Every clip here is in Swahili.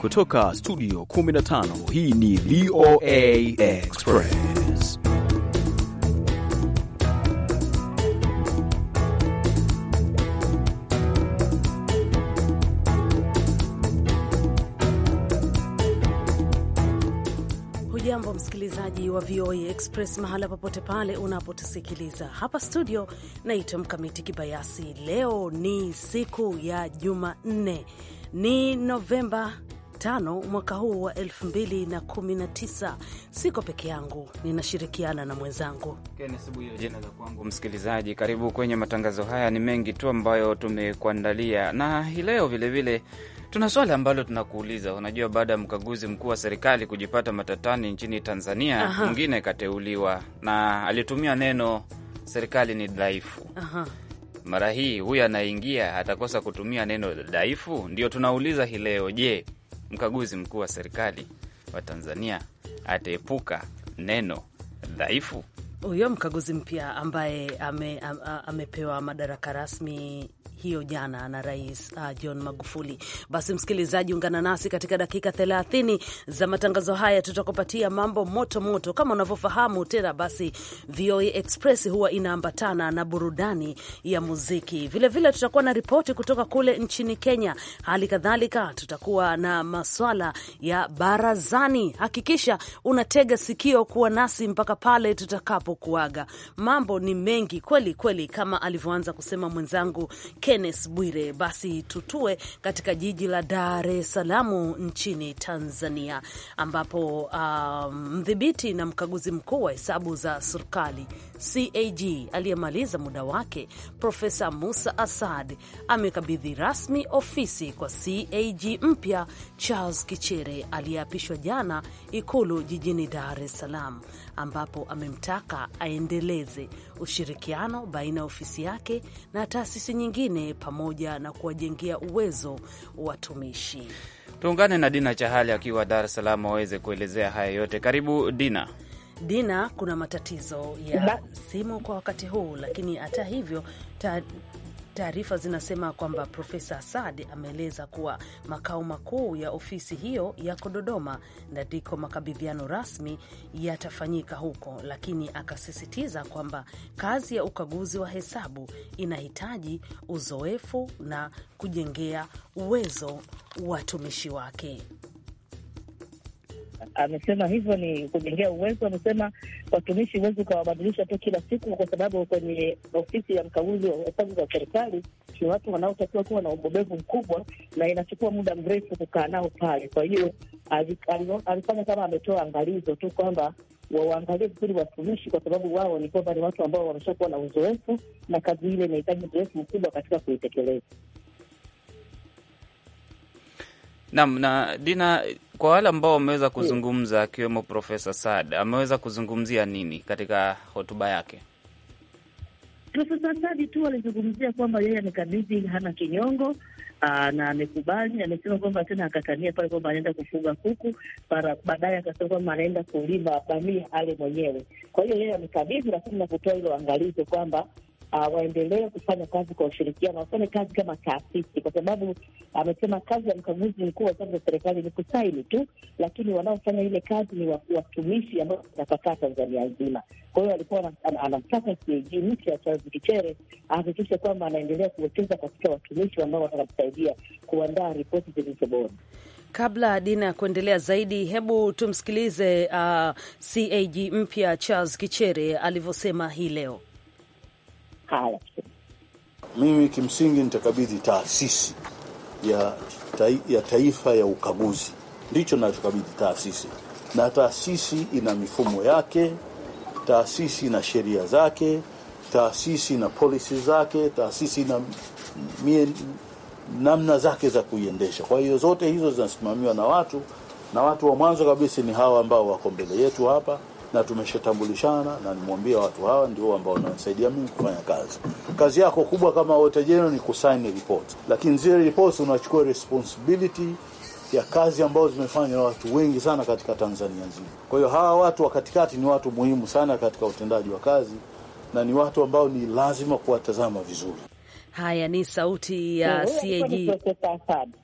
Kutoka studio 15 hii ni VOA Express. Hujambo msikilizaji wa VOA Express mahala popote pale unapotusikiliza. Hapa studio naitwa Mkamiti Kibayasi. Leo ni siku ya Jumanne, ni Novemba tano mwaka huu wa 2019. Siko peke yangu, ninashirikiana na mwenzangu jina la kwangu. Msikilizaji, karibu kwenye matangazo haya. Ni mengi tu ambayo tumekuandalia, na hii leo vilevile tuna swali ambalo tunakuuliza. Unajua, baada ya mkaguzi mkuu wa serikali kujipata matatani nchini Tanzania, mwingine kateuliwa na alitumia neno serikali ni dhaifu. Mara hii huyu anaingia atakosa kutumia neno dhaifu? Ndio tunauliza hii leo. Je, mkaguzi mkuu wa serikali wa Tanzania ataepuka neno dhaifu. Huyo mkaguzi mpya ambaye ame, ame amepewa madaraka rasmi hiyo jana na Rais uh, John Magufuli. Basi msikilizaji, ungana nasi katika dakika 30 za matangazo haya, tutakupatia mambo moto moto kama unavyofahamu tena. Basi VOA Express huwa inaambatana na burudani ya muziki vilevile, tutakuwa na ripoti kutoka kule nchini Kenya. Hali kadhalika tutakuwa na maswala ya barazani. Hakikisha unatega sikio kuwa nasi mpaka pale tutakapokuaga. Mambo ni mengi kweli kweli, kama alivyoanza kusema mwenzangu Kenneth Bwire. Basi tutue katika jiji la Dar es Salaam nchini Tanzania, ambapo um, mdhibiti um, na mkaguzi mkuu wa hesabu za serikali CAG aliyemaliza muda wake Profesa Musa Asad amekabidhi rasmi ofisi kwa CAG mpya Charles Kichere aliyeapishwa jana Ikulu jijini Dar es Salaam ambapo amemtaka aendeleze ushirikiano baina ya ofisi yake na taasisi nyingine pamoja na kuwajengea uwezo watumishi. Tuungane na Dina Chahali akiwa Dar es Salaam waweze kuelezea haya yote. Karibu Dina. Dina, kuna matatizo ya simu kwa wakati huu, lakini hata hivyo ta, Taarifa zinasema kwamba Profesa Asad ameeleza kuwa makao makuu ya ofisi hiyo yako Dodoma na ndiko makabidhiano rasmi yatafanyika huko, lakini akasisitiza kwamba kazi ya ukaguzi wa hesabu inahitaji uzoefu na kujengea uwezo watumishi wake amesema hivyo ni kujengea uwezo. Amesema watumishi huwezi ukawabadilisha tu kila siku, kwa sababu kwenye ofisi ya mkaguzi wa hesabu za serikali ni watu wanaotakiwa kuwa na ubobevu mkubwa, na inachukua muda mrefu kukaa nao pale. Kwa hiyo alifanya kama ametoa angalizo tu kwamba wawaangalie vizuri watumishi, kwa sababu wao ni kwamba ni watu ambao wameshakuwa na uzoefu, na kazi ile inahitaji uzoefu mkubwa katika kuitekeleza. Naam, na Dina kwa wale ambao wameweza kuzungumza akiwemo Profesa Saad, ameweza kuzungumzia nini katika hotuba yake? Profesa Sadi tu alizungumzia kwamba yeye amekabidhi, hana kinyongo aa, ah, na amekubali amesema kwamba tena akatania pale kwamba anaenda kufuga kuku, baadaye akasema kwamba anaenda kulima bamia ale mwenyewe. Kwa hiyo yeye amekabidhi, lakini nakutoa hilo angalizo kwamba uh, waendelee kufanya kazi kwa ushirikiano, wafanye kazi kama taasisi, kwa sababu amesema kazi ya mkaguzi mkuu wa hesabu za serikali ni kusaini tu, lakini wanaofanya ile kazi ni watumishi ambao wanapakaa Tanzania nzima. Kwa hiyo alikuwa anamtaka CAG mpya Charles Kichere ahakikishe kwamba anaendelea kuwekeza katika watumishi ambao watakusaidia kuandaa ripoti zilizo bora. Kabla Dina ya kuendelea zaidi, hebu tumsikilize uh, CAG mpya Charles Kichere alivyosema hii leo haya. Mimi kimsingi nitakabidhi taasisi ya, ta, ya taifa ya ukaguzi, ndicho nachokabidhi taasisi, na taasisi ina mifumo yake, taasisi na sheria zake, taasisi na polisi zake, taasisi na mie, namna zake za kuiendesha. Kwa hiyo zote hizo zinasimamiwa na watu, na watu wa mwanzo kabisa ni hawa ambao wako mbele yetu hapa na tumeshatambulishana na nimwambia watu hawa ndio ambao wanasaidia mimi kufanya kazi. Kazi yako kubwa kama auditor general ni kusign report, lakini zile reports unachukua responsibility ya kazi ambazo zimefanywa na watu wengi sana katika Tanzania nzima. Kwa hiyo hawa watu wa katikati ni watu muhimu sana katika utendaji wa kazi na ni watu ambao ni lazima kuwatazama vizuri. Haya ni sauti ya CAG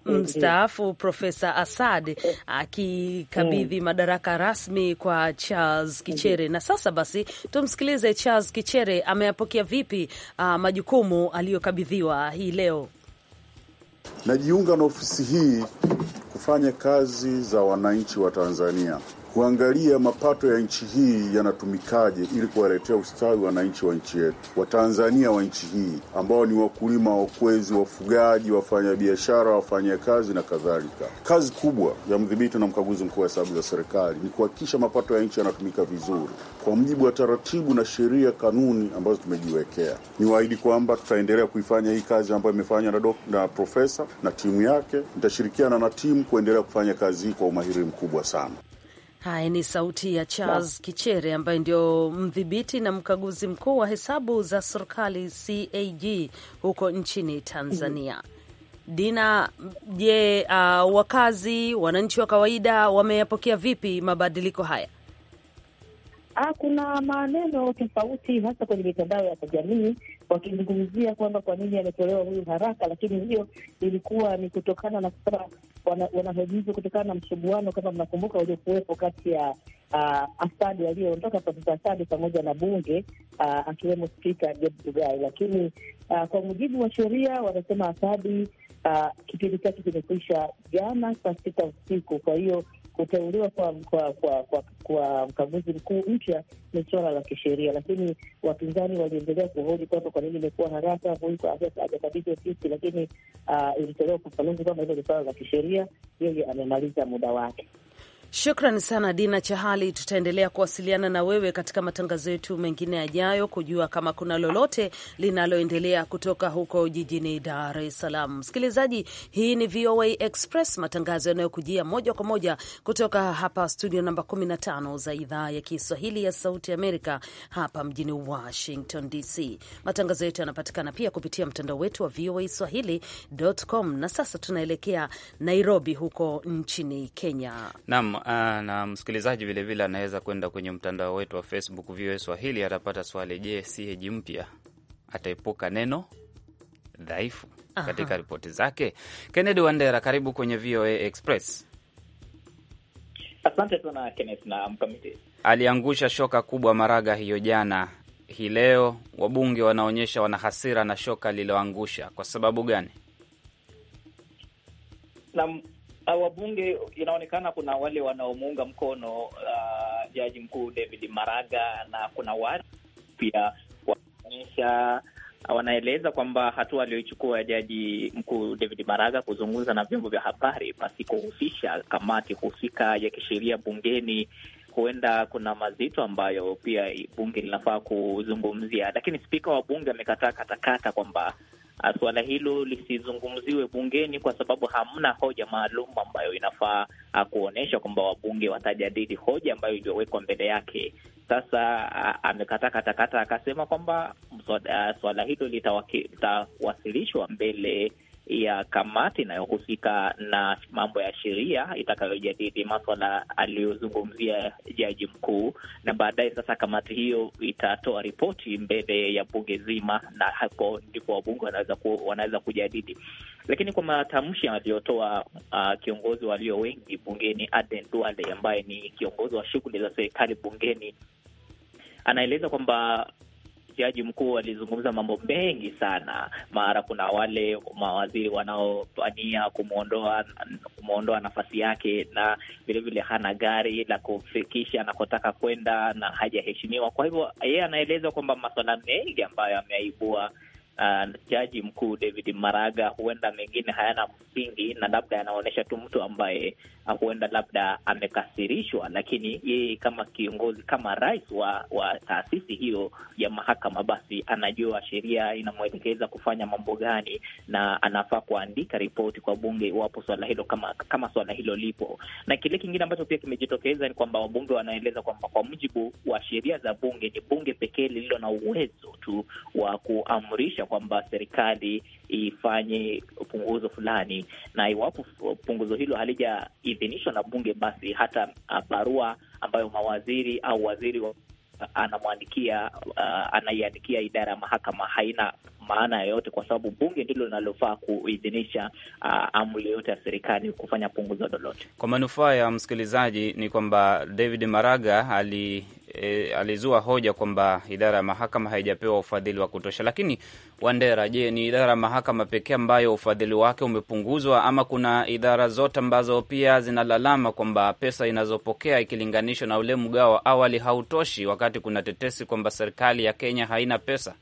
mstaafu Profesa Assad akikabidhi mm, madaraka rasmi kwa Charles Kichere. Na sasa basi tumsikilize Charles Kichere ameyapokea vipi uh, majukumu aliyokabidhiwa hii leo. Najiunga na ofisi hii kufanya kazi za wananchi wa Tanzania kuangalia mapato ya nchi hii yanatumikaje ili kuwaletea ustawi wananchi wa nchi yetu, Watanzania wa nchi hii ambao ni wakulima, wakwezi, wafugaji, wafanyabiashara, wafanyakazi na kadhalika. Kazi kubwa ya mdhibiti na mkaguzi mkuu wa hesabu za serikali ni kuhakikisha mapato ya nchi yanatumika vizuri kwa mujibu wa taratibu na sheria, kanuni ambazo tumejiwekea. ni waahidi kwamba tutaendelea kuifanya hii kazi ambayo imefanywa na, na profesa na timu yake. Nitashirikiana na timu kuendelea kufanya kazi hii kwa umahiri mkubwa sana. Haya ni sauti ya Charles Kichere ambaye ndio mdhibiti na mkaguzi mkuu wa hesabu za serikali CAG huko nchini Tanzania. Dina, je, uh, wakazi wananchi wa kawaida wameyapokea vipi mabadiliko haya? Ha, ah, kuna maneno tofauti hasa kwenye mitandao ya kijamii wakizungumzia kwamba kwa nini ametolewa huyu haraka, lakini hiyo ilikuwa ni kutokana na kusema wanahojizwa kutokana na msuguano, kama mnakumbuka, uliokuwepo kati ya uh, Asadi aliyeondoka Profesa Asadi pamoja na bunge uh, akiwemo Spika Job Dugai. Lakini uh, kwa mujibu wa sheria wanasema Asadi uh, kipindi chake kimekwisha jana saa sita usiku, kwa hiyo kuteuliwa kwa kwa kwa kwa, kwa mkaguzi mkuu mpya ni swala la kisheria, lakini wapinzani waliendelea kuhoji kwamba kwa nini imekuwa haraka, huyu hajakabidhi ofisi, lakini uh, ilitolewa ufafanuzi kwamba hilo ni swala la kisheria, yeye amemaliza muda wake. Shukran sana Dina Chahali. Tutaendelea kuwasiliana na wewe katika matangazo yetu mengine yajayo kujua kama kuna lolote linaloendelea kutoka huko jijini Dar es Salaam. Msikilizaji, hii ni VOA Express, matangazo yanayokujia moja kwa moja kutoka hapa studio namba 15 za idhaa ya Kiswahili ya Sauti Amerika, hapa mjini Washington DC. Matangazo yetu yanapatikana pia kupitia mtandao wetu wa VOA Swahili.com. Na sasa tunaelekea Nairobi huko nchini Kenya. Naam. Ah, na msikilizaji vilevile anaweza kwenda kwenye mtandao wetu wa Facebook VOA Swahili, atapata swali. Je, CAG mpya ataepuka neno dhaifu katika ripoti zake? Kennedy Wandera, karibu kwenye VOA Express. Asante sana Kenneth na mkamiti. Aliangusha shoka kubwa Maraga hiyo jana. Hii leo wabunge wanaonyesha wana hasira na shoka lililoangusha. Kwa sababu gani? Naam, Uh, wabunge inaonekana kuna wale wanaomuunga mkono uh, jaji mkuu David Maraga na kuna wale pia wanaonyesha uh, wanaeleza kwamba hatua aliyoichukua jaji mkuu David Maraga kuzungumza na vyombo vya habari pasikuhusisha kamati husika ya kisheria bungeni, huenda kuna mazito ambayo pia bunge linafaa kuzungumzia, lakini spika wa bunge amekataa katakata kwamba Ah, suala hilo lisizungumziwe bungeni, kwa sababu hamna hoja maalum ambayo inafaa ah, kuonyesha kwamba wabunge watajadili hoja ambayo iliyowekwa mbele yake. Sasa ah, amekataa katakata, akasema kwamba suala hilo litawasilishwa mbele ya kamati inayohusika na mambo ya sheria itakayojadili maswala aliyozungumzia jaji mkuu, na baadaye sasa kamati hiyo itatoa ripoti mbele ya bunge zima, na hapo ndipo wabunge wanaweza ku, wanaweza kujadili. Lakini kwa matamshi aliyotoa uh, kiongozi walio wengi bungeni Aden Duale ambaye ni kiongozi wa shughuli za serikali bungeni anaeleza kwamba Jaji mkuu alizungumza mambo mengi sana, mara kuna wale mawaziri wanaopania kumwondoa kumwondoa nafasi yake, na vilevile hana gari la kufikisha anakotaka kwenda na hajaheshimiwa. Kwa hivyo yeye anaeleza kwamba maswala mengi ambayo ameaibua Uh, jaji mkuu David Maraga huenda mengine hayana msingi na labda yanaonyesha tu mtu ambaye Ah, huenda labda amekasirishwa, lakini yeye kama kiongozi, kama rais wa, wa taasisi hiyo ya mahakama, basi anajua sheria inamwelekeza kufanya mambo gani, na anafaa kuandika ripoti kwa bunge iwapo swala hilo kama kama swala hilo lipo. Na kile kingine ambacho pia kimejitokeza ni kwamba wabunge wanaeleza kwamba kwa mujibu wa sheria za bunge, ni bunge pekee lililo na uwezo tu wa kuamrisha kwamba serikali ifanye punguzo fulani, na iwapo punguzo hilo halijaidhinishwa na bunge, basi hata uh, barua ambayo mawaziri au waziri uh, anamwandikia uh, anaiandikia idara ya mahakama haina maana yoyote, kwa sababu bunge ndilo linalofaa kuidhinisha uh, amri yoyote ya serikali kufanya punguzo lolote. Kwa manufaa ya msikilizaji ni kwamba David Maraga ali E, alizua hoja kwamba idara ya mahakama haijapewa ufadhili wa kutosha. Lakini Wandera, je, ni idara ya mahakama pekee ambayo ufadhili wake umepunguzwa ama kuna idara zote ambazo pia zinalalama kwamba pesa inazopokea ikilinganishwa na ule mgao wa awali hautoshi, wakati kuna tetesi kwamba serikali ya Kenya haina pesa?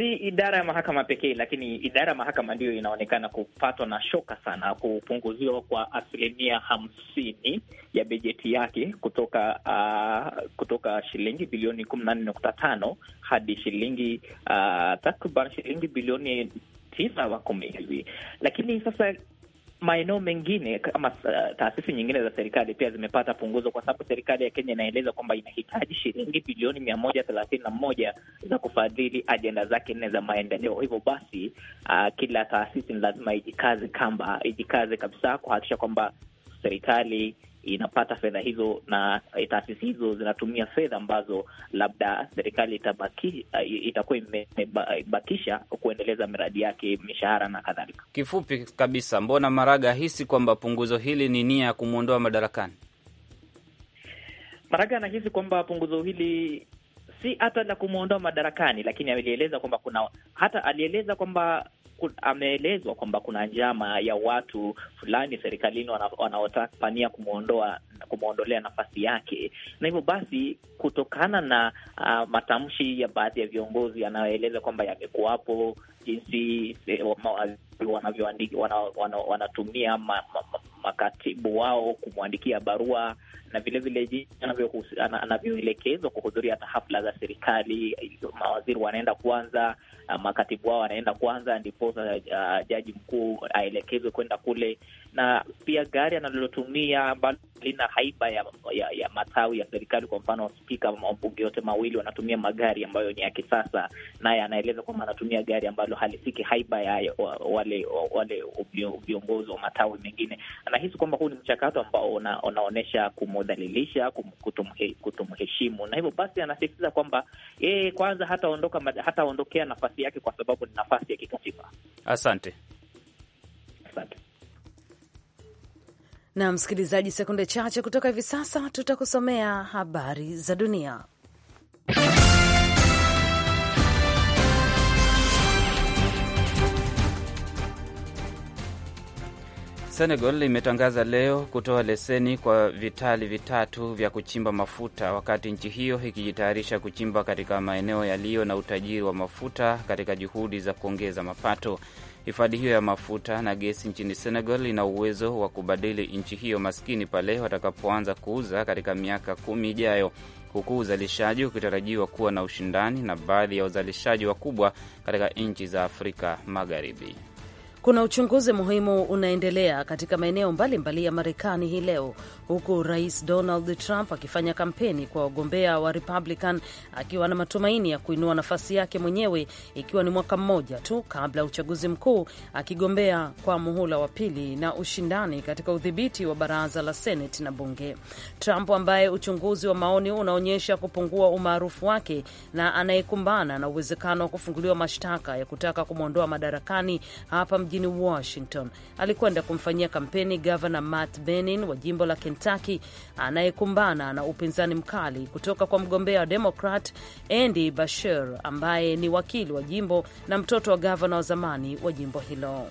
si idara ya mahakama pekee, lakini idara ya mahakama ndiyo inaonekana kupatwa na shoka sana, kupunguziwa kwa asilimia hamsini ya bajeti yake kutoka uh, kutoka shilingi bilioni kumi na nne nukta tano hadi shilingi uh, takriban shilingi bilioni tisa wa kumi hivi, lakini sasa maeneo mengine kama uh, taasisi nyingine za serikali pia zimepata punguzo, kwa sababu serikali ya Kenya inaeleza kwamba inahitaji shilingi bilioni mia moja thelathini na moja za kufadhili ajenda zake nne za maendeleo. Hivyo basi, uh, kila taasisi ni lazima ijikaze kamba, ijikaze kabisa kuhakikisha kwamba serikali inapata fedha hizo na eh, taasisi hizo zinatumia fedha ambazo labda serikali eh, itakuwa imebakisha kuendeleza miradi yake, mishahara na kadhalika. Kifupi kabisa, mbona Maraga hisi kwamba punguzo hili ni nia ya kumwondoa madarakani? Maraga anahisi kwamba punguzo hili si hata la kumwondoa madarakani, lakini alieleza kwamba kuna hata alieleza kwamba ameelezwa kwamba kuna njama ya watu fulani serikalini wanaotapania kumwondoa kumwondolea nafasi yake, na hivyo basi, kutokana na uh, matamshi ya baadhi ya viongozi yanayoeleza kwamba yamekuwapo jinsi eh, wanavyoandika wanatumia makatibu wao kumwandikia barua na vilevile jinsi anavyoelekezwa kuhudhuria hata hafla za serikali. Mawaziri wanaenda kwanza, ah, makatibu wao wanaenda kwanza, ndiposa uh, jaji mkuu aelekezwe kwenda kule, na pia gari analotumia ambalo lina haiba ya, ya, ya matawi ya serikali. Kwa mfano, spika, mabunge yote mawili wanatumia magari ambayo ni ya kisasa, naye anaeleza kwamba anatumia gari ambalo halifiki haiba ya wale wale viongozi wa matawi mengine anahisi kwamba huu ni mchakato ambao una, unaonyesha kumudhalilisha, kutumheshimu kutumhe, na hivyo basi anasisitiza kwamba yeye kwanza hataondoka hataondokea nafasi yake kwa sababu ni nafasi ya kikatiba. Asante, asante. Na msikilizaji, sekunde chache kutoka hivi sasa tutakusomea habari za dunia. Senegal imetangaza leo kutoa leseni kwa vitali vitatu vya kuchimba mafuta wakati nchi hiyo ikijitayarisha kuchimba katika maeneo yaliyo na utajiri wa mafuta katika juhudi za kuongeza mapato. Hifadhi hiyo ya mafuta na gesi nchini Senegal ina uwezo wa kubadili nchi hiyo maskini pale watakapoanza kuuza katika miaka kumi ijayo, huku uzalishaji ukitarajiwa kuwa na ushindani na baadhi ya uzalishaji wakubwa katika nchi za Afrika Magharibi. Kuna uchunguzi muhimu unaendelea katika maeneo mbalimbali ya Marekani hii leo, huku Rais Donald Trump akifanya kampeni kwa wagombea wa Republican akiwa na matumaini ya kuinua nafasi yake mwenyewe, ikiwa ni mwaka mmoja tu kabla ya uchaguzi mkuu, akigombea kwa muhula wa pili na ushindani katika udhibiti wa baraza la Senate na bunge. Trump ambaye uchunguzi wa maoni unaonyesha kupungua umaarufu wake na anayekumbana na uwezekano wa kufunguliwa mashtaka ya kutaka kumwondoa madarakani hapa mjini Washington alikwenda kumfanyia kampeni gavana Matt Benin wa jimbo la Kentucky anayekumbana na upinzani mkali kutoka kwa mgombea wa Demokrat Andy Bashir ambaye ni wakili wa jimbo na mtoto wa gavana wa zamani wa jimbo hilo.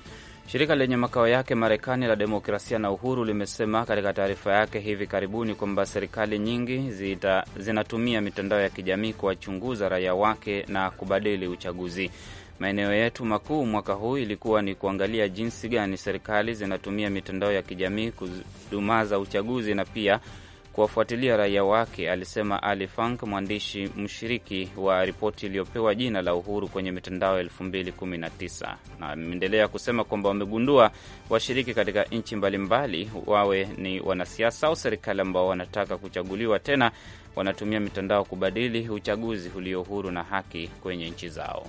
Shirika lenye makao yake Marekani la Demokrasia na Uhuru limesema katika taarifa yake hivi karibuni kwamba serikali nyingi zita, zinatumia mitandao ya kijamii kuwachunguza raia wake na kubadili uchaguzi. Maeneo yetu makuu mwaka huu ilikuwa ni kuangalia jinsi gani serikali zinatumia mitandao ya kijamii kudumaza uchaguzi na pia kuwafuatilia raia wake, alisema Ali fank mwandishi mshiriki wa ripoti iliyopewa jina la Uhuru kwenye mitandao 2019. Na ameendelea kusema kwamba wamegundua washiriki katika nchi mbalimbali, wawe ni wanasiasa au serikali, ambao wanataka kuchaguliwa tena, wanatumia mitandao kubadili uchaguzi ulio huru na haki kwenye nchi zao.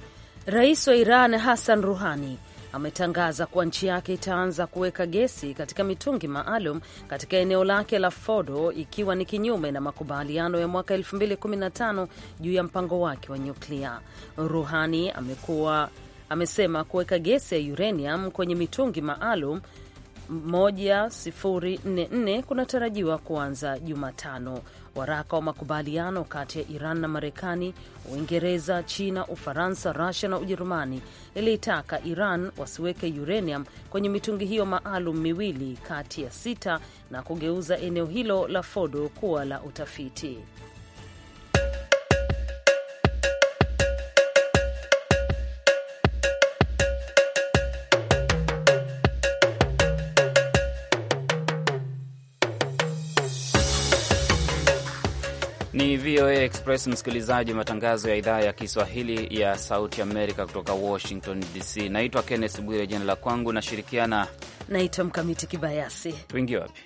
Rais wa Iran Hassan Ruhani ametangaza kuwa nchi yake itaanza kuweka gesi katika mitungi maalum katika eneo lake la Fordo, ikiwa ni kinyume na makubaliano ya mwaka 2015 juu ya mpango wake wa nyuklia. Ruhani amekuwa amesema kuweka gesi ya uranium kwenye mitungi maalum 1044 kunatarajiwa kuanza Jumatano waraka wa makubaliano kati ya Iran na Marekani, Uingereza, China, Ufaransa, Rusia na Ujerumani iliitaka Iran wasiweke uranium kwenye mitungi hiyo maalum miwili kati ya sita na kugeuza eneo hilo la Fordo kuwa la utafiti. Ni VOA Express, msikilizaji, matangazo ya idhaa ya Kiswahili ya Sauti Amerika kutoka Washington DC. Naitwa Kenneth Bwire, jina la kwangu, nashirikiana naitwa Mkamiti Kibayasi. Tuingie wapi?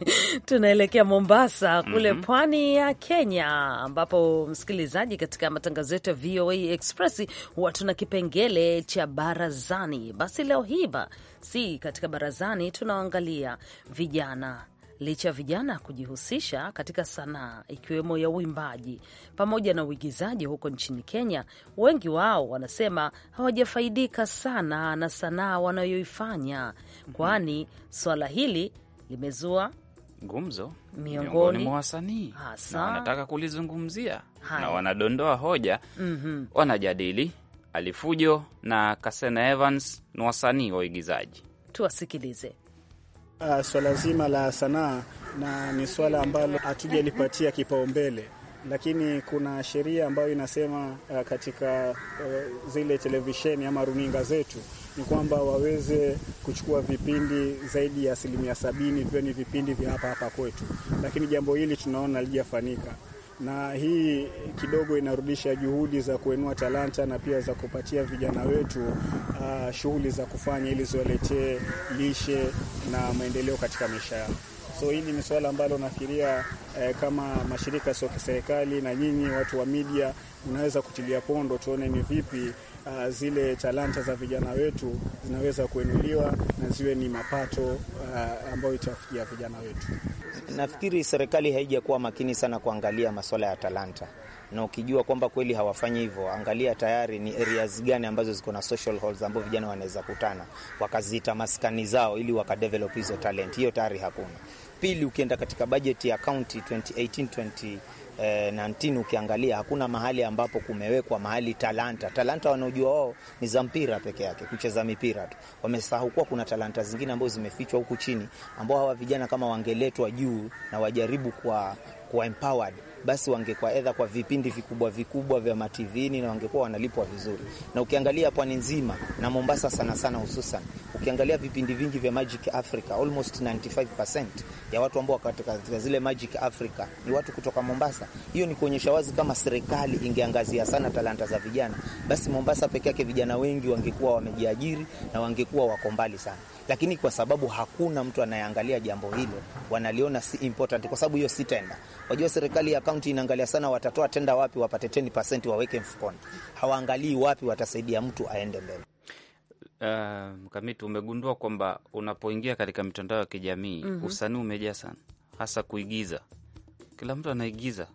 Tunaelekea Mombasa kule, mm -hmm. pwani ya Kenya, ambapo msikilizaji, katika matangazo yetu ya VOA Express huwa tuna kipengele cha barazani. Basi leo hiva si katika barazani, tunaangalia vijana licha ya vijana kujihusisha katika sanaa ikiwemo ya uimbaji pamoja na uigizaji huko nchini Kenya, wengi wao wanasema hawajafaidika sana na sanaa wanayoifanya, mhm. kwani swala hili limezua gumzo miongoni, mwa wasanii na wanataka kulizungumzia Hai. na wanadondoa hoja mm -hmm. wanajadili Alifujo na Kasena Evans ni wasanii wa uigizaji. Tuwasikilize. Uh, swala zima la sanaa na ni swala ambalo hatujalipatia kipaumbele, lakini kuna sheria ambayo inasema uh, katika uh, zile televisheni ama runinga zetu ni kwamba waweze kuchukua vipindi zaidi ya asilimia sabini viwe ni vipindi vya hapa hapa kwetu, lakini jambo hili tunaona lijafanyika na hii kidogo inarudisha juhudi za kuinua talanta na pia za kupatia vijana wetu uh, shughuli za kufanya ili ziwaletee lishe na maendeleo katika maisha yao. So hili ni suala ambalo nafikiria eh, kama mashirika sio kiserikali na nyinyi watu wa media unaweza kutilia pondo, tuone ni vipi uh, zile talanta za vijana wetu zinaweza kuinuliwa na ziwe ni mapato uh, ambayo itafikia vijana wetu. Nafikiri serikali haijakuwa makini sana kuangalia masuala ya talanta, na ukijua kwamba kweli hawafanyi hivyo, angalia tayari ni areas gani ambazo ziko na social halls ambapo vijana wanaweza kutana wakaziita maskani zao ili wakadevelop hizo talent. Hiyo tayari hakuna. Pili, ukienda katika bajeti ya county 2018 eh, nantini ukiangalia hakuna mahali ambapo kumewekwa mahali talanta. Talanta wanaojua wao ni za mpira peke yake, kucheza mipira tu. Wamesahau kuwa kuna talanta zingine ambazo zimefichwa huku chini, ambao hawa vijana kama wangeletwa juu na wajaribu kwa, kwa empowered basi wangekuwa edha kwa vipindi vikubwa vikubwa vya mativini na wangekuwa wanalipwa vizuri. Na ukiangalia pwani nzima na Mombasa sana sana, hususan ukiangalia vipindi vingi vya Magic Africa, almost 95% ya watu ambao katika zile Magic Africa ni watu kutoka Mombasa. Hiyo ni kuonyesha wazi kama serikali ingeangazia sana talanta za vijana, basi Mombasa peke yake vijana wengi wangekuwa wamejiajiri na wangekuwa wako mbali sana lakini kwa sababu hakuna mtu anayeangalia jambo hilo, wanaliona si important, kwa sababu hiyo si tenda. Wajua serikali ya kaunti inaangalia sana watatoa tenda wapi wapate 10% waweke mfukoni. Hawaangalii wapi watasaidia mtu aende mbele. Uh, Mkamiti, umegundua kwamba unapoingia katika mitandao ya kijamii mm -hmm. usanii umejaa sana, hasa kuigiza. Kila mtu anaigiza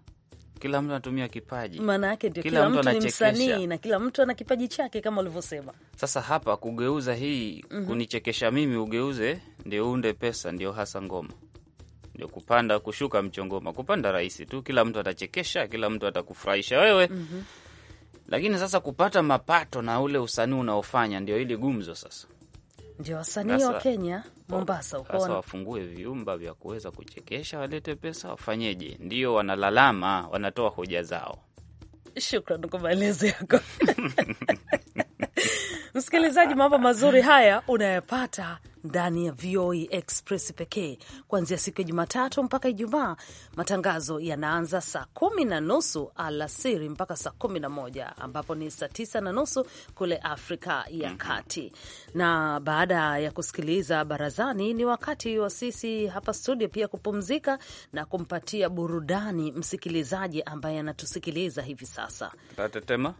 kila mtu anatumia kipaji, maana yake ndio kila, kila mtu ni msanii na kila mtu ana kipaji chake kama ulivyosema. Sasa hapa kugeuza hii mm -hmm. kunichekesha mimi ugeuze ndio uunde pesa, ndio hasa ngoma ndio kupanda kushuka mchongoma. Kupanda rahisi tu, kila mtu atachekesha, kila mtu atakufurahisha wewe mm -hmm. Lakini sasa kupata mapato na ule usanii unaofanya ndio hili gumzo sasa. Ndio wasanii wa Kenya Mombasa uko sasa, wafungue viumba vya kuweza kuchekesha, walete pesa, wafanyeje? Ndio wanalalama, wanatoa hoja zao. Shukran kwa maelezo yako. Msikilizaji, mambo mazuri haya unayapata ndani ya VOA e Express pekee kuanzia siku ya Jumatatu mpaka Ijumaa. Matangazo yanaanza saa kumi na nusu alasiri mpaka saa kumi na moja ambapo ni saa tisa na nusu kule Afrika ya mhm. Kati. Na baada ya kusikiliza barazani, ni wakati wa sisi hapa studio pia kupumzika na kumpatia burudani msikilizaji ambaye anatusikiliza hivi sasa. Tatetema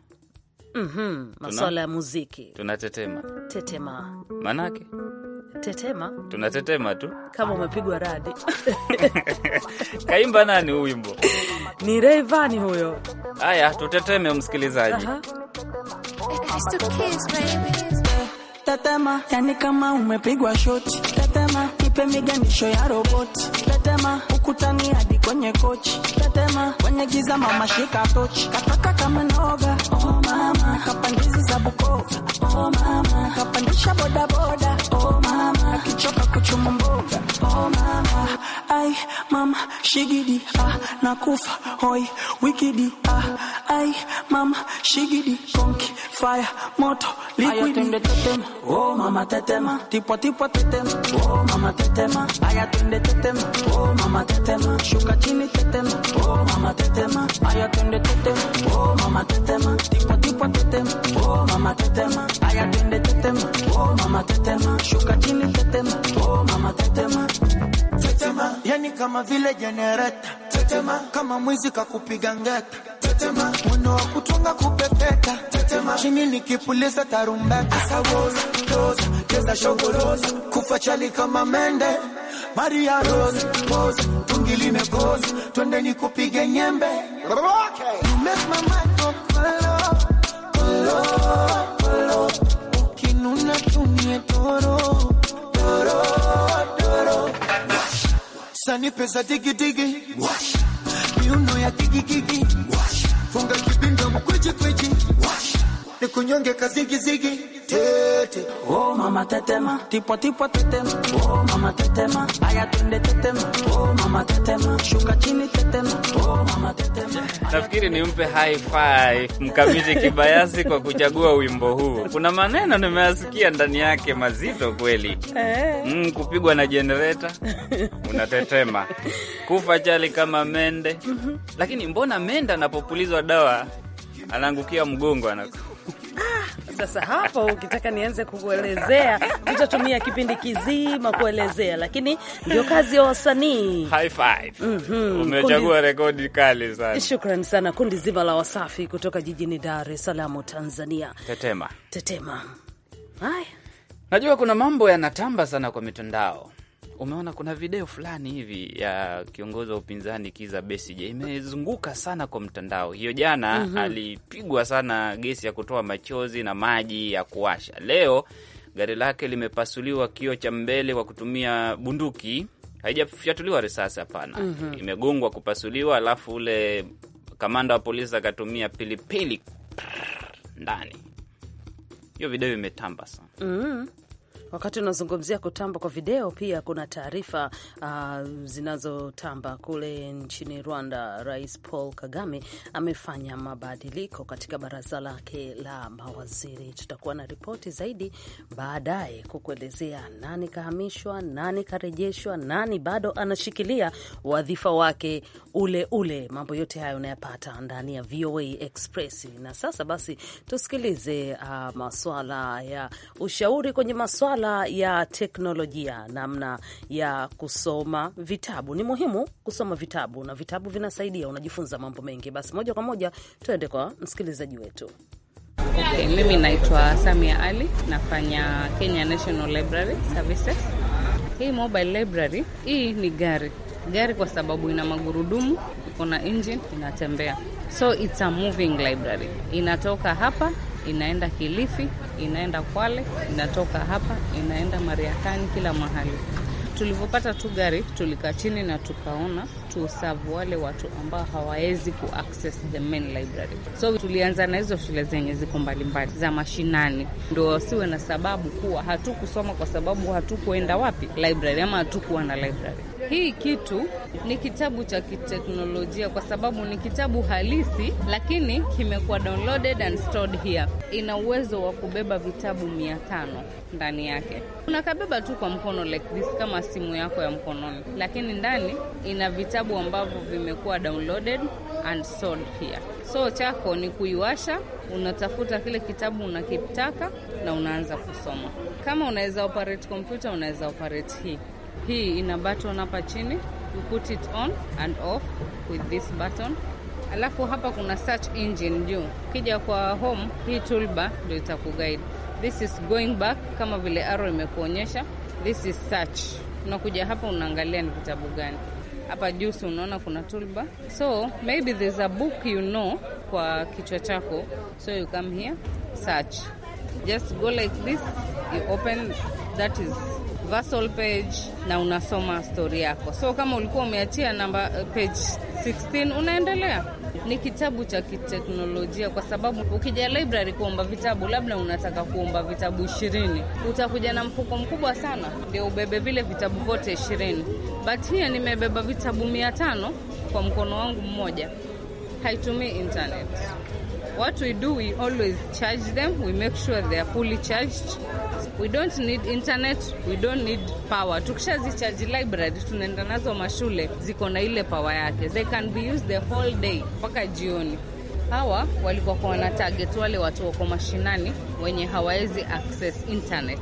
mm -hmm. Maswala ya muziki tunatetema tetema, manake tetema tunatetema tu kama umepigwa radi. Kaimba nani huu wimbo? Ni Rayvanny huyo. Haya, tuteteme msikilizaji. Tetema, yani kama umepigwa shoti. Tetema, ipe miganisho ya roboti. Tetema, ukutani hadi kwenye kochi. Tetema, kwenye giza mama shika tochi. Kataka kama noga mama, shigidi ah, nakufa ah, shigidi konki oh, tetema oh mama tetema aya twende tetema oh mama tetema, tipo tipo tetema, oh mama tetema, aya twende tetema, oh mama tetema, shuka chini tetema, oh mama tetema, tetema, yani kama vile jenereta tetema, kama mwizi kakupiga ngeta tetema, mwendo wa kutunga kupepeta tetema, chini nikipuliza tarumbeta, asawoza toza cheza shogoroza, kufa chali kama mende Maria Rose, Rose, tungi limekoza, twende nikupige nyembe. Okay. You make my mind. Sani pesa tiki tiki. Miuno ya kiki kiki. Funga kipinga mkweche kweche ni nikunyonge kazigizigi tete oh mama tetema tipwa tipwa tetema oh mama tetema aya twende tetema oh mama tetema shuka chini tetema oh mama tetema. Nafikiri nimpe high five mkamiti Kibayasi kwa kuchagua wimbo huu. Kuna maneno nimeyasikia ndani yake mazito kweli. Eh. Mm, kupigwa na jenereta unatetema, kufa chali kama mende. Mhm. Lakini mbona mende anapopulizwa dawa anaangukia mgongo anaku sasa hapo ukitaka nianze kukuelezea tutatumia kipindi kizima kuelezea, lakini ndio kazi ya wasanii. High five. Mm -hmm. Umechagua rekodi kali sana. Shukran sana kundi zima la Wasafi kutoka jijini Dar es Salaam, Tanzania. Tetema, tetema. Haya, najua kuna mambo yanatamba sana kwa mitandao umeona kuna video fulani hivi ya kiongozi wa upinzani Kiza Besije imezunguka sana kwa mtandao. Hiyo jana mm -hmm. alipigwa sana gesi ya kutoa machozi na maji ya kuwasha. Leo gari lake limepasuliwa kio cha mbele kwa kutumia bunduki, haijafyatuliwa risasi, hapana. mm -hmm. Imegongwa kupasuliwa, alafu ule kamanda wa polisi akatumia pilipili ndani. Hiyo video imetamba sana mm -hmm. Wakati unazungumzia kutamba kwa video, pia kuna taarifa uh, zinazotamba kule nchini Rwanda. Rais Paul Kagame amefanya mabadiliko katika baraza lake la mawaziri. Tutakuwa na ripoti zaidi baadaye kukuelezea nani kahamishwa, nani karejeshwa, nani bado anashikilia wadhifa wake ule ule. Mambo yote hayo unayapata ndani ya VOA Express. Na sasa basi tusikilize uh, maswala ya ushauri kwenye maswala masuala ya teknolojia, namna ya kusoma vitabu. Ni muhimu kusoma vitabu na vitabu vinasaidia, unajifunza mambo mengi. Basi moja kwa moja tuende kwa msikilizaji wetu. Okay, mimi naitwa Samia Ali, nafanya Kenya National Library Services. Hii mobile library hii ni gari gari, kwa sababu ina magurudumu, iko na engine, inatembea, so it's a moving library, inatoka hapa inaenda Kilifi, inaenda Kwale, inatoka hapa inaenda Mariakani, kila mahali. Tulivyopata tu gari, tulikaa chini na tukaona tu serve wale watu ambao hawawezi ku access the main library. So tulianza na hizo shule zenye ziko mbalimbali za mashinani, ndo wasiwe na sababu kuwa hatukusoma kwa sababu hatukuenda wapi library ama hatukuwa na library. Hii kitu ni kitabu cha kiteknolojia kwa sababu ni kitabu halisi, lakini kimekuwa downloaded and stored here. Ina uwezo wa kubeba vitabu mia tano ndani yake, unakabeba tu kwa mkono like this, kama simu yako ya mkononi, lakini ndani ina vitabu vitabu ambavyo vimekuwa downloaded and sold here. So chako ni kuiwasha, unatafuta kile kitabu unakitaka na unaanza kusoma. Kama unaweza operate computer, unaweza operate hii hii. Ina button hapa chini, you put it on and off with this button. Alafu hapa kuna search engine juu. Ukija kwa home, hii toolbar ndio itakuguide. This is going back, kama vile arrow imekuonyesha. This is search. Unakuja hapa unaangalia ni vitabu gani hapa juu si unaona kuna tulba so maybe there's a book you know kwa kichwa chako, so you come here search, just go like this, you open that is Vasol page na unasoma story yako. So kama ulikuwa umeachia namba uh, page 16 unaendelea ni kitabu cha kiteknolojia, kwa sababu ukija library kuomba vitabu, labda unataka kuomba vitabu ishirini, utakuja na mfuko mkubwa sana ndio ubebe vile vitabu vyote ishirini. But hiyo nimebeba vitabu mia tano kwa mkono wangu mmoja, haitumii internet. What we do, we always charge them, we make sure they are fully charged we don't need internet, we don't need power. Tukishazichaji library tunaenda nazo mashule, ziko na ile power yake, they can be used the whole day mpaka jioni. Hawa walikuwa wana target wale watu wako mashinani wenye hawawezi access internet.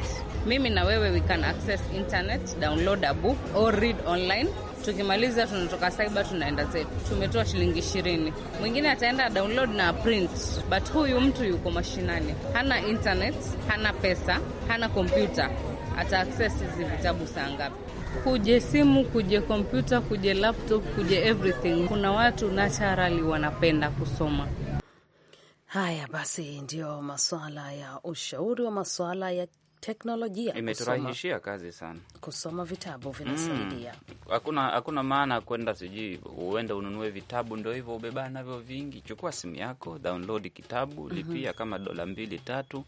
Mimi na wewe we can access internet, download a book or read online Tukimaliza tunatoka saiba tunaenda zetu, tumetoa shilingi ishirini. Mwingine ataenda download na print, but huyu mtu yuko mashinani, hana internet, hana pesa, hana kompyuta, ata access hizi vitabu saa ngapi? Kuje simu, kuje kompyuta, kuje laptop, kuje everything. Kuna watu naturally wanapenda kusoma. Haya basi, ndio masuala ya ushauri wa masuala ya teknolojia Imeturahishia kazi sana. Kusoma vitabu mm, vinasaidia. Mm, hakuna hakuna maana kwenda sijui uende ununue vitabu ndo hivyo ubebaa navyo vingi. Chukua simu yako, download kitabu, mhm. lipia kama dola mbili tatu.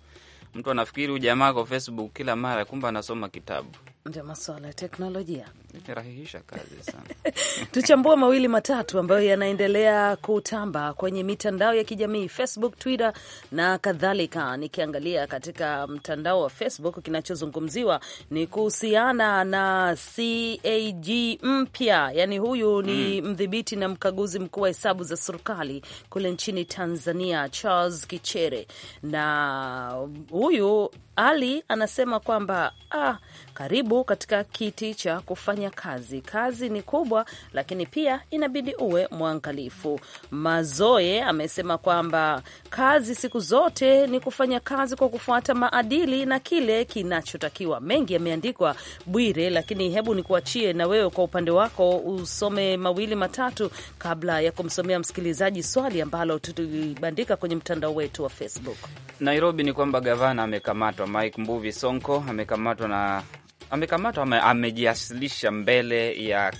Mtu anafikiri ujamaa kwa Facebook kila mara, kumbe anasoma kitabu ndio masuala ya teknolojia itarahihisha kazi sana. Tuchambue mawili matatu ambayo yanaendelea kutamba kwenye mitandao ya kijamii Facebook, Twitter na kadhalika. Nikiangalia katika mtandao wa Facebook, kinachozungumziwa ni kuhusiana na CAG mpya, yani huyu ni mm, mdhibiti na mkaguzi mkuu wa hesabu za serikali kule nchini Tanzania, Charles Kichere, na huyu ali anasema kwamba ah, karibu katika kiti cha kufanya kazi. Kazi ni kubwa, lakini pia inabidi uwe mwangalifu. Mazoe amesema kwamba kazi siku zote ni kufanya kazi kwa kufuata maadili na kile kinachotakiwa. Mengi yameandikwa Bwire, lakini hebu nikuachie na wewe kwa upande wako usome mawili matatu kabla ya kumsomea msikilizaji swali ambalo tulibandika kwenye mtandao wetu wa Facebook. Nairobi ni kwamba gavana amekamatwa, Mike Mbuvi Sonko amekamatwa na amekamatwa ame, amejiasilisha mbele ya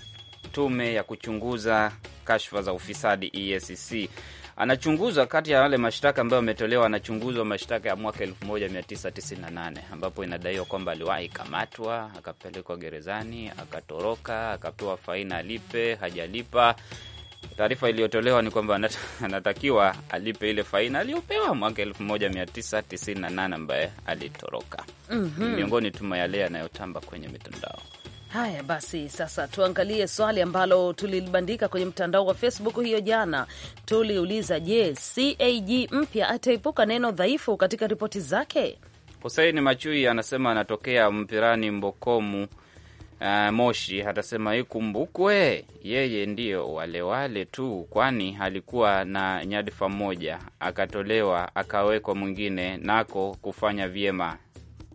tume ya kuchunguza kashfa za ufisadi EACC anachunguzwa kati ya wale mashtaka ambayo ametolewa, anachunguzwa mashtaka ya mwaka 1998 ambapo inadaiwa kwamba aliwahi kamatwa akapelekwa gerezani akatoroka akapewa faina alipe, hajalipa. Taarifa iliyotolewa ni kwamba anatakiwa alipe ile faina aliyopewa mwaka 1998 ambaye alitoroka. mm -hmm. Miongoni tuma yale yanayotamba kwenye mitandao Haya basi, sasa tuangalie swali ambalo tulilibandika kwenye mtandao wa Facebook hiyo jana. Tuliuliza, je, CAG mpya ataepuka neno dhaifu katika ripoti zake? Huseini Machui anasema anatokea Mpirani, Mbokomu, uh, Moshi. Atasema ikumbukwe eh, yeye ndiyo walewale tu, kwani alikuwa na nyadifa moja akatolewa akawekwa mwingine, nako kufanya vyema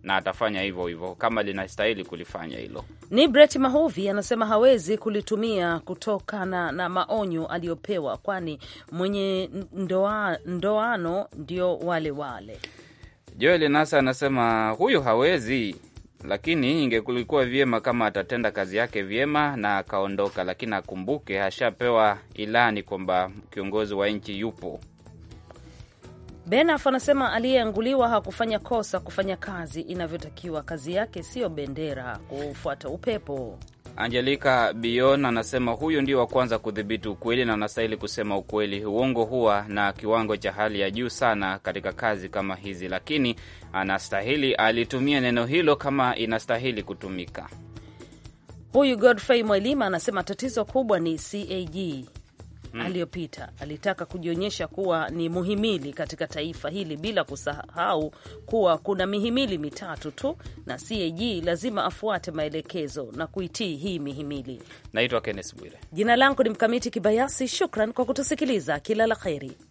na atafanya hivyo hivyo kama linastahili kulifanya hilo. Ni Bret mahuvi anasema hawezi kulitumia kutokana na maonyo aliyopewa, kwani mwenye ndoa, ndoano ndio wale wale. Joel Nasa anasema huyu hawezi, lakini ingekulikuwa vyema kama atatenda kazi yake vyema na akaondoka, lakini akumbuke ashapewa ilani kwamba kiongozi wa nchi yupo Benaf anasema aliyeanguliwa hakufanya kosa kufanya kazi inavyotakiwa. Kazi yake siyo bendera kufuata upepo. Angelika Bion anasema huyu ndio wa kwanza kudhibiti ukweli na anastahili kusema ukweli. Uongo huwa na kiwango cha hali ya juu sana katika kazi kama hizi, lakini anastahili, alitumia neno hilo kama inastahili kutumika. Huyu Godfrey Mwelima anasema tatizo kubwa ni CAG mm, aliyopita alitaka kujionyesha kuwa ni muhimili katika taifa hili bila kusahau kuwa kuna mihimili mitatu tu na CAG lazima afuate maelekezo na kuitii hii mihimili. Naitwa Kenneth Bwire, jina langu ni Mkamiti Kibayasi. Shukran kwa kutusikiliza, kila la kheri.